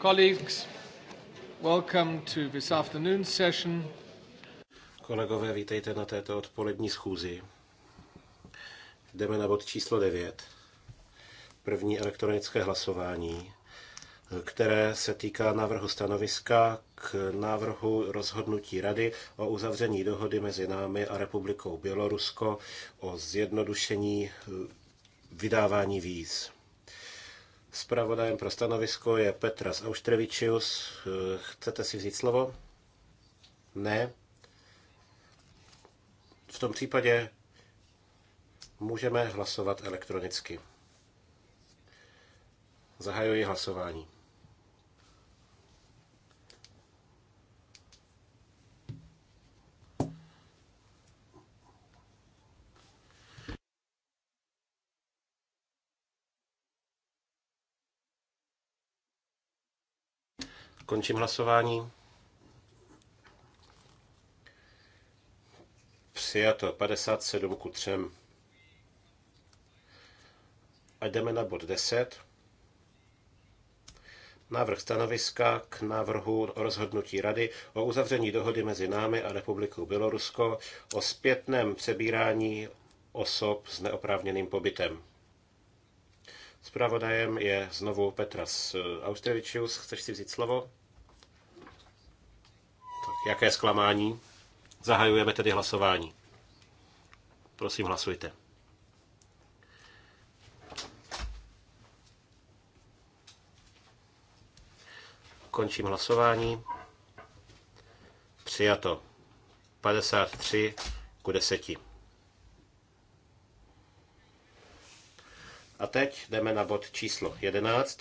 Colleagues, welcome to this afternoon session. Kolegové, vítejte na této odpolední schůzi. Jdeme na bod číslo 9. První elektronické hlasování, které se týká návrhu stanoviska k návrhu rozhodnutí Rady o uzavření dohody mezi námi a Republikou Bělorusko o zjednodušení vydávání víz. Spravodajem pro stanovisko je Petras Austrevičius. Chcete si vzít slovo? Ne. V tom případě můžeme hlasovat elektronicky. Zahajuji hlasování. Končím hlasování. Přijato 57 ku 3. A jdeme na bod 10. Návrh stanoviska k návrhu o rozhodnutí Rady o uzavření dohody mezi námi a Republikou Bělorusko o zpětném přebírání osob s neoprávněným pobytem. Spravodajem je znovu Petras Austrevičius. Chceš si vzít slovo? Jaké zklamání? Zahajujeme tedy hlasování. Prosím, hlasujte. Končím hlasování. Přijato. 53 ku 10. A teď jdeme na bod číslo 11.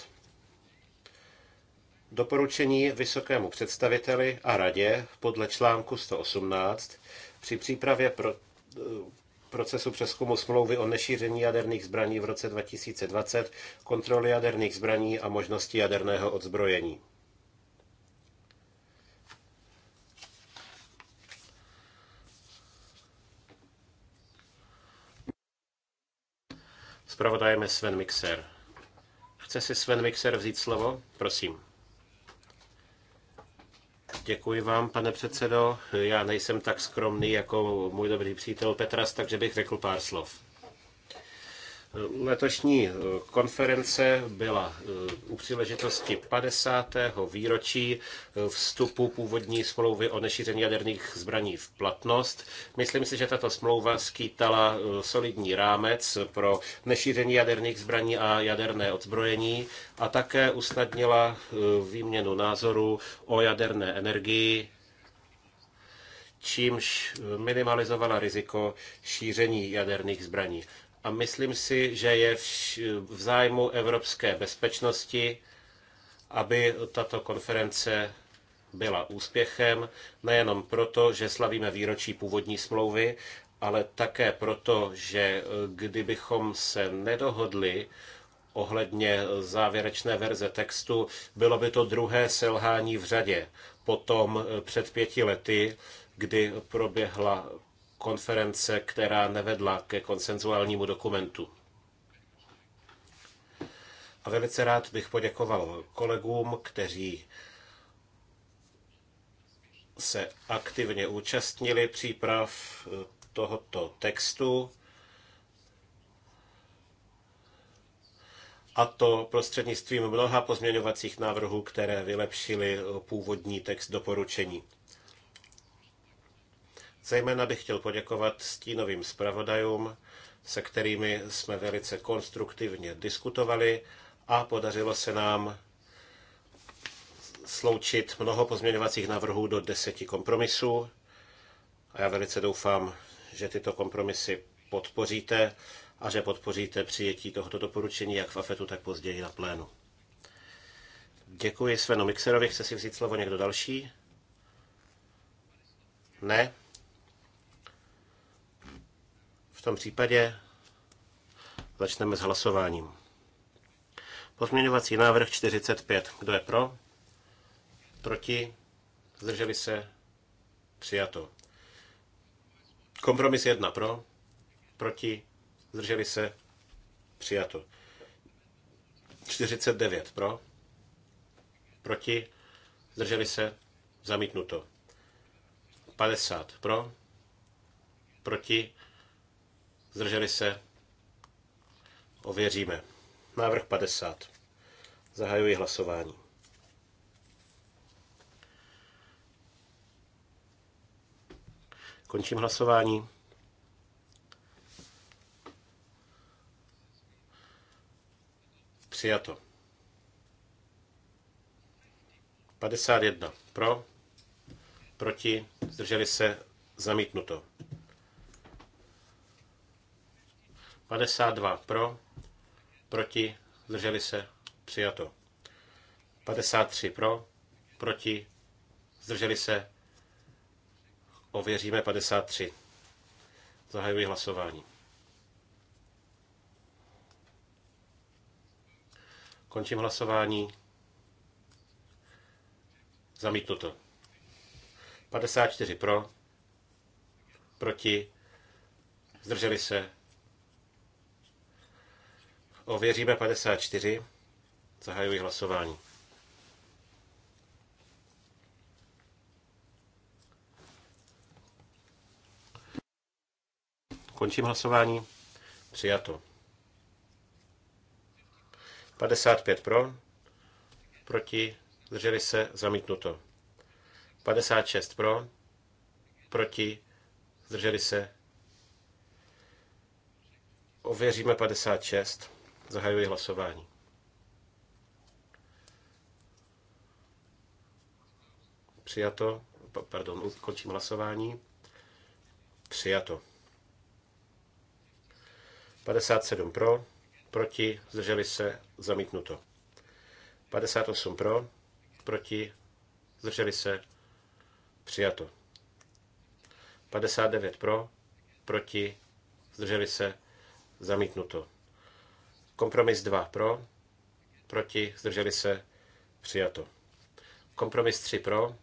Doporučení vysokému představiteli a radě podle článku 118 při přípravě pro, eh, procesu přeskumu smlouvy o nešíření jaderných zbraní v roce 2020, kontroly jaderných zbraní a možnosti jaderného odzbrojení. Zpravodajeme Sven Mixer. Chce si Sven Mixer vzít slovo? Prosím. Děkuji vám, pane předsedo. Já nejsem tak skromný jako můj dobrý přítel Petras, takže bych řekl pár slov. Letošní eh, konference byla eh, u příležitosti 50. výročí eh, vstupu původní smlouvy o nešíření jaderných zbraní v platnost. Myslím si, že tato smlouva skýtala solidní rámec pro nešíření jaderných zbraní a jaderné odzbrojení a také usnadnila výměnu názorů o jaderné energii čímž minimalizovala riziko šíření jaderných zbraní. A myslím si, že je v zájmu evropské bezpečnosti, aby tato konference byla úspěchem, nejenom proto, že slavíme výročí původní smlouvy, ale také proto, že eh, kdybychom se nedohodli ohledně závěrečné verze textu, bylo by to druhé selhání v řadě. Potom eh, před pěti lety, kdy proběhla konference, která nevedla ke konsenzuálnímu dokumentu. A velice rád bych poděkoval kolegům, kteří se aktivně účastnili příprav eh, tohoto textu. A to prostřednictvím mnoha pozměňovacích návrhů, které vylepšily eh, původní text doporučení. Zejména bych chtěl poděkovat stínovým zpravodajům, se kterými jsme velice konstruktivně diskutovali a podařilo se nám sloučit mnoho pozměňovacích návrhů do deseti kompromisů. A já velice doufám, že tyto kompromisy podpoříte a že podpoříte přijetí tohoto doporučení jak v AFETu, tak později na plénu. Děkuji Svenu Mixerovi. Chce si vzít slovo někdo další? Ne? V tom případě začneme s hlasováním. Pozměňovací návrh 45. Kdo je pro? Proti? Zdrželi se? Přijato. Kompromis 1 pro? Proti? Zdrželi se? Přijato. 49 pro? Proti? Zdrželi se? Zamítnuto. 50 pro? Proti? Zdrželi se? Ověříme. Návrh 50. Zahajuji hlasování. Končím hlasování. Přijato. 51. Pro. Proti. Zdrželi se. Zamítnuto. 52 pro, proti, zdrželi se, přijato. 53 pro, proti, zdrželi se, ověříme 53. Zahajuji hlasování. Končím hlasování. Zamítnuto. 54 pro, proti, zdrželi se, Ověříme 54. Zahajuji hlasování. Končím hlasování. Přijato. 55 pro, proti, zdrželi se, zamítnuto. 56 pro, proti, zdrželi se. Ověříme 56. Zahajuji hlasování. Přijato. Pardon, ukončím hlasování. Přijato. 57 pro, proti, zdrželi se, zamítnuto. 58 pro, proti, zdrželi se, přijato. 59 pro, proti, zdrželi se, zamítnuto. Kompromis 2 pro, proti, zdrželi se, přijato. Kompromis 3 pro,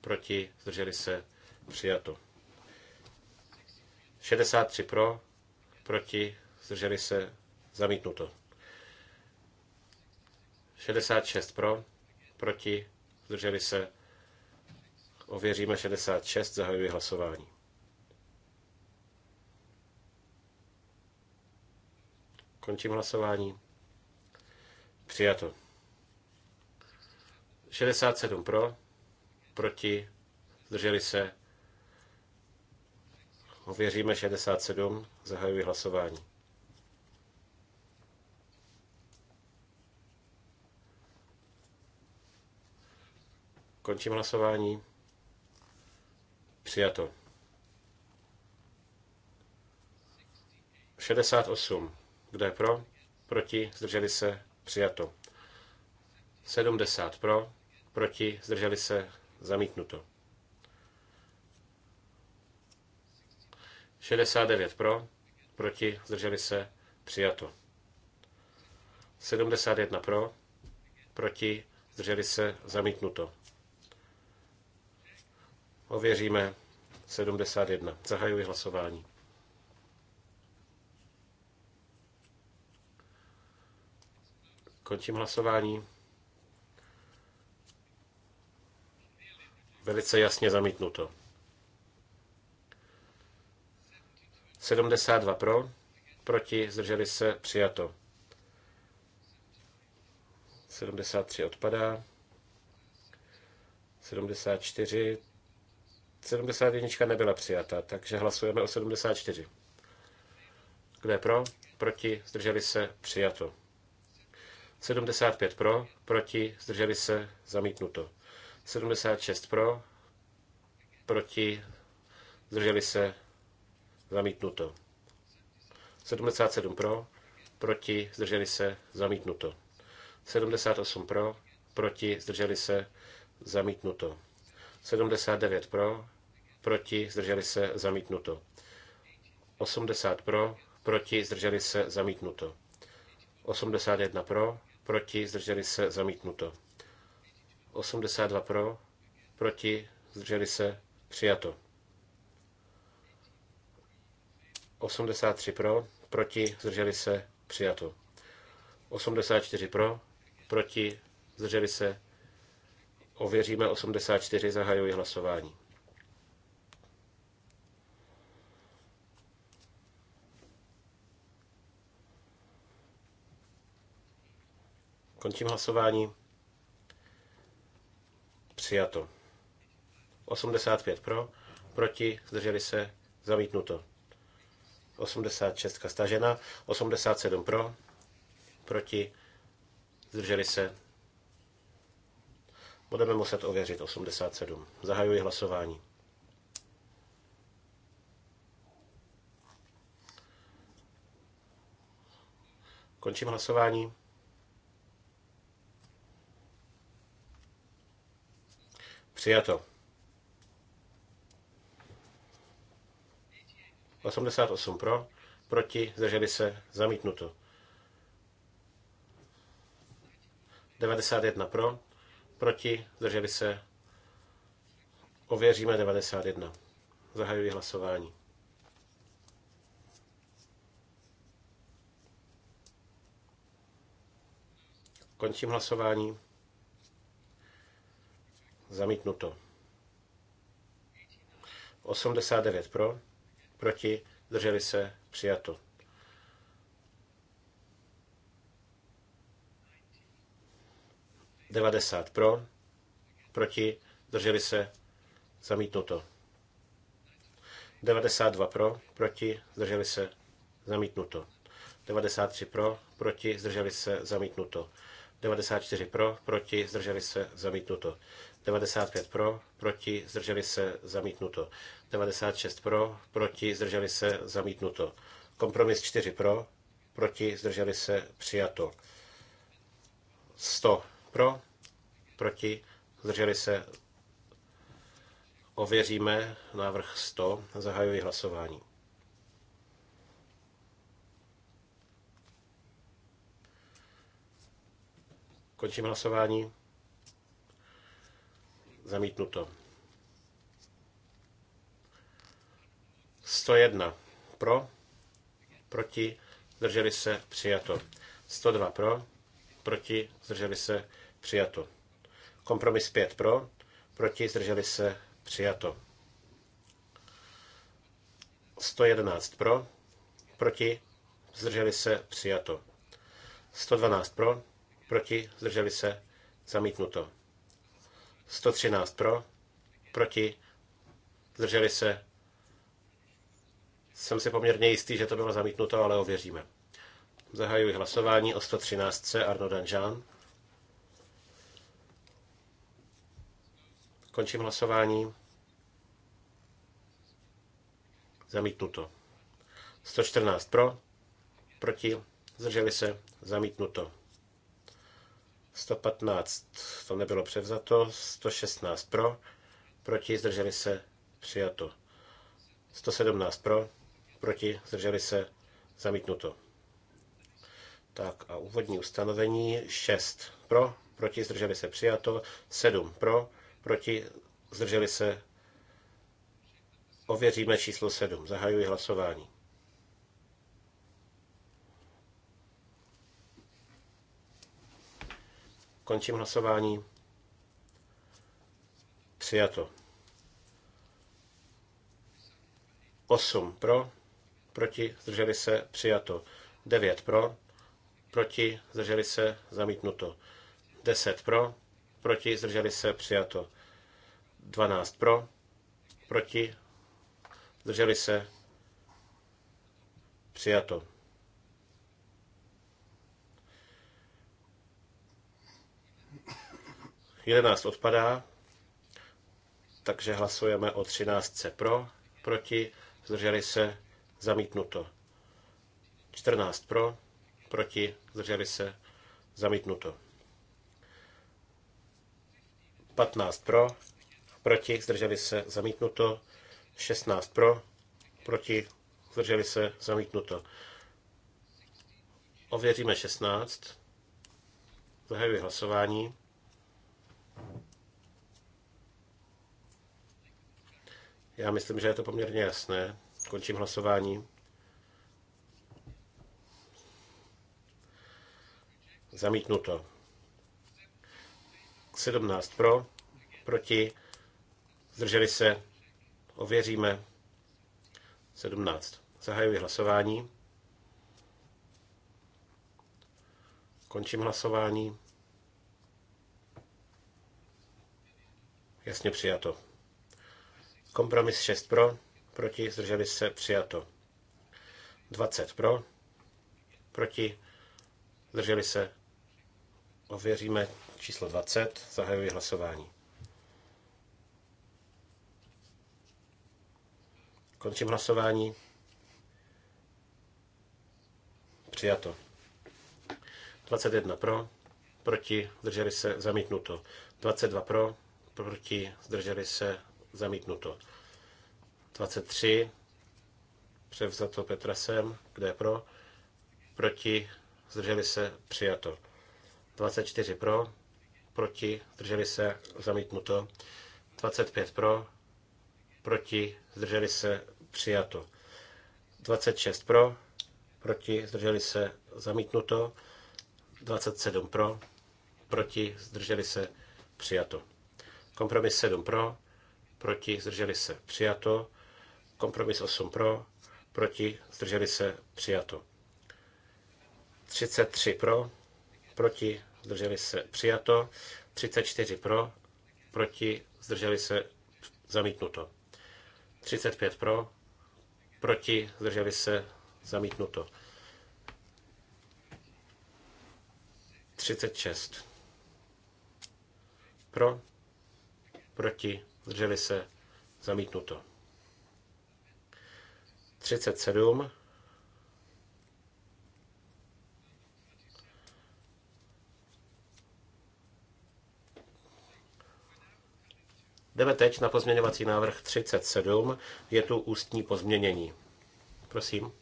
proti, zdrželi se, přijato. 63 pro, proti, zdrželi se, zamítnuto. 66 pro, proti, zdrželi se, ověříme 66, zahajuji hlasování. Končím hlasování. Přijato. 67 pro, proti, zdrželi se. Ověříme 67, zahajuji hlasování. Končím hlasování. Přijato. 68 kdo je pro? Proti? Zdrželi se? Přijato. 70 pro? Proti? Zdrželi se? Zamítnuto. 69 pro? Proti? Zdrželi se? Přijato. 71 pro? Proti? Zdrželi se? Zamítnuto. Ověříme 71. Zahajuji hlasování. Končím hlasování. Velice jasně zamítnuto. 72 pro, proti, zdrželi se, přijato. 73 odpadá. 74. 71 nebyla přijata, takže hlasujeme o 74. Kdo je pro? Proti? Zdrželi se? Přijato. 75 pro, proti, zdrželi se, zamítnuto. 76 pro, proti, zdrželi se, zamítnuto. 77 pro, proti, zdrželi se, zamítnuto. 78 pro, proti, zdrželi se, zamítnuto. 79 pro, proti, zdrželi se, zamítnuto. 80 pro, proti, zdrželi se, zamítnuto. 81 pro, proti, zdrželi se, zamítnuto. 82 pro, proti, zdrželi se, přijato. 83 pro, proti, zdrželi se, přijato. 84 pro, proti, zdrželi se, ověříme 84, zahajuji hlasování. Končím hlasování. Přijato. 85 pro, proti, zdrželi se, zamítnuto. 86 stažena, 87 pro, proti, zdrželi se. Budeme muset ověřit 87. Zahajuji hlasování. Končím hlasování. Přijato. 88 pro, proti, zdrželi se, zamítnuto. 91 pro, proti, zdrželi se, ověříme 91. Zahajuji hlasování. Končím hlasování. Zamítnuto. 89 pro, proti, drželi se, přijato. Devadesát pro, proti, drželi se, zamítnuto. dva pro, proti, zdrželi se, zamítnuto. tři pro, proti, zdrželi se, zamítnuto. čtyři pro, proti, zdrželi se, zamítnuto. 95 pro, proti, zdrželi se, zamítnuto. 96 pro, proti, zdrželi se, zamítnuto. Kompromis 4 pro, proti, zdrželi se, přijato. 100 pro, proti, zdrželi se, ověříme návrh 100, zahajuji hlasování. Končím hlasování. Zamítnuto. 101 pro, proti, zdrželi se, přijato. 102 pro, proti, zdrželi se, přijato. Kompromis 5 pro, proti, zdrželi se, přijato. 111 pro, proti, zdrželi se, přijato. 112 pro, proti, zdrželi se, zamítnuto. 113 pro, proti, zdrželi se. Jsem si poměrně jistý, že to bylo zamítnuto, ale ověříme. Zahajuji hlasování o 113. Arno Danžán. Končím hlasování. Zamítnuto. 114 pro, proti, zdrželi se, zamítnuto. 115, to nebylo převzato. 116 pro, proti, zdrželi se, přijato. 117 pro, proti, zdrželi se, zamítnuto. Tak a úvodní ustanovení 6 pro, proti, zdrželi se, přijato. 7 pro, proti, zdrželi se, ověříme číslo 7. Zahajuji hlasování. Končím hlasování. Přijato. 8 pro, proti, zdrželi se, přijato. 9 pro, proti, zdrželi se, zamítnuto. 10 pro, proti, zdrželi se, přijato. 12 pro, proti, zdrželi se, přijato. 11 odpadá, takže hlasujeme o 13 pro, proti, zdrželi se, zamítnuto. 14 pro, proti, zdrželi se, zamítnuto. 15 pro, proti, zdrželi se, zamítnuto. 16 pro, proti, zdrželi se, zamítnuto. Ověříme 16. Zahajuji hlasování. Já myslím, že je to poměrně jasné. Končím hlasování. Zamítnuto. 17 pro, proti, zdrželi se, ověříme. 17. Zahajuji hlasování. Končím hlasování. Jasně přijato. Kompromis 6 pro, proti, zdrželi se, přijato. 20 pro, proti, zdrželi se, ověříme číslo 20, zahajuji hlasování. Končím hlasování. Přijato. 21 pro, proti, zdrželi se, zamítnuto. 22 pro, proti, zdrželi se, Zamítnuto. 23. Převzato Petrasem. Kdo je pro? Proti. Zdrželi se. Přijato. 24 pro. Proti. Zdrželi se. Zamítnuto. 25 pro. Proti. Zdrželi se. Přijato. 26 pro. Proti. Zdrželi se. Zamítnuto. 27 pro. Proti. Zdrželi se. Přijato. Kompromis 7 pro proti, zdrželi se, přijato. Kompromis 8 pro, proti, zdrželi se, přijato. 33 pro, proti, zdrželi se, přijato. 34 pro, proti, zdrželi se, zamítnuto. 35 pro, proti, zdrželi se, zamítnuto. 36 pro, proti, zdrželi se, zamítnuto. 37. Jdeme teď na pozměňovací návrh 37. Je tu ústní pozměnění. Prosím.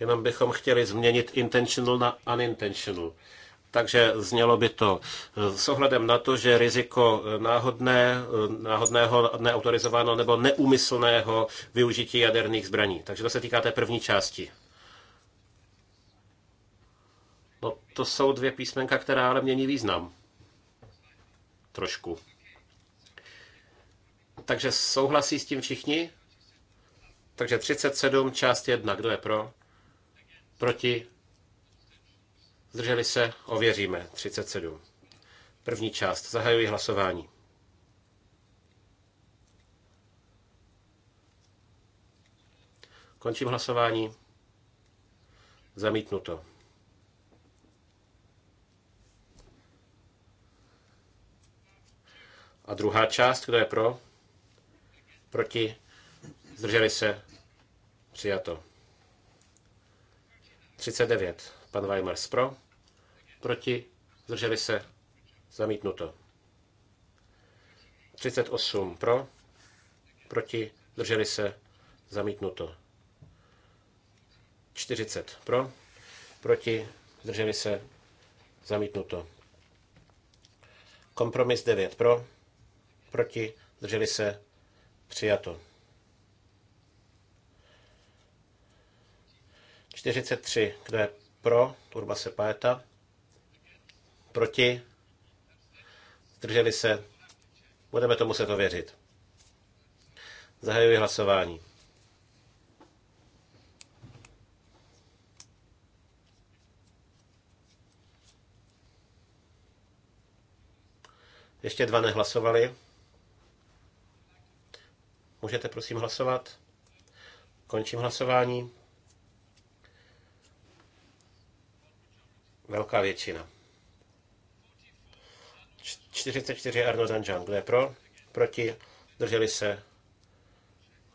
Jenom bychom chtěli změnit intentional na unintentional. Takže znělo by to eh, s ohledem na to, že riziko eh, náhodné, eh, náhodného, neautorizovaného nebo neumyslného využití jaderných zbraní. Takže to se týká té první části. No, to jsou dvě písmenka, která ale mění význam. Trošku. Takže souhlasí s tím všichni? Takže 37, část 1. Kdo je pro? Proti? Zdrželi se? Ověříme. 37. První část. Zahajuji hlasování. Končím hlasování. Zamítnuto. A druhá část, kdo je pro? Proti? Zdrželi se? Přijato. 39. Pan Weimers pro. Proti. Zdrželi se. Zamítnuto. 38 pro. Proti. Zdrželi se. Zamítnuto. 40 pro. Proti. Zdrželi se. Zamítnuto. Kompromis 9 pro. Proti. Zdrželi se. Přijato. 43. Kdo je pro, turba se Paeta, proti, zdrželi se, budeme to muset ověřit. Zahajuji hlasování. Ještě dva nehlasovali. Můžete prosím hlasovat? Končím hlasování. Velká většina. 44 Arno Zanžan. Kdo je pro? Proti? Drželi se?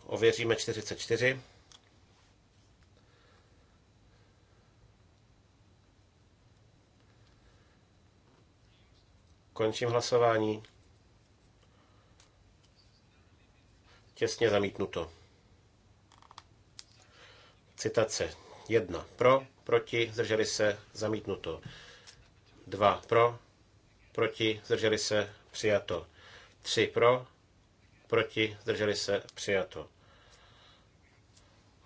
Ověříme 44. Končím hlasování. Těsně zamítnuto. Citace 1 pro, proti, zdrželi se, zamítnuto. 2 pro, proti, zdrželi se, přijato. 3 pro, proti, zdrželi se, přijato.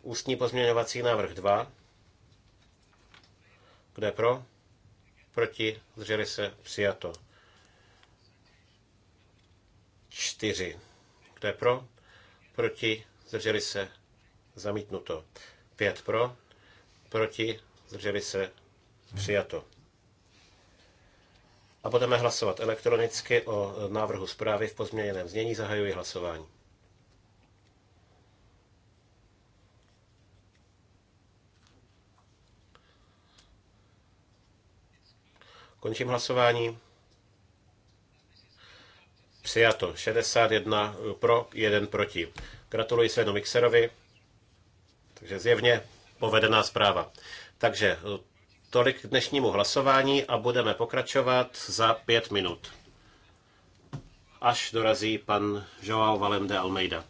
Ústní pozměňovací návrh 2. Kde pro? Proti, zdrželi se, přijato. 4. Kde pro? Proti, zdrželi se, zamítnuto. 5 pro, proti, zdrželi se, přijato. A budeme hlasovat elektronicky o e, návrhu zprávy v pozměněném znění. Zahajuji hlasování. Končím hlasování. Přijato. 61 e, pro, 1 proti. Gratuluji svému Mixerovi. Takže zjevně povedená zpráva. Takže eh, tolik k dnešnímu hlasování a budeme pokračovat za pět minut, až dorazí pan Joao Valem de Almeida.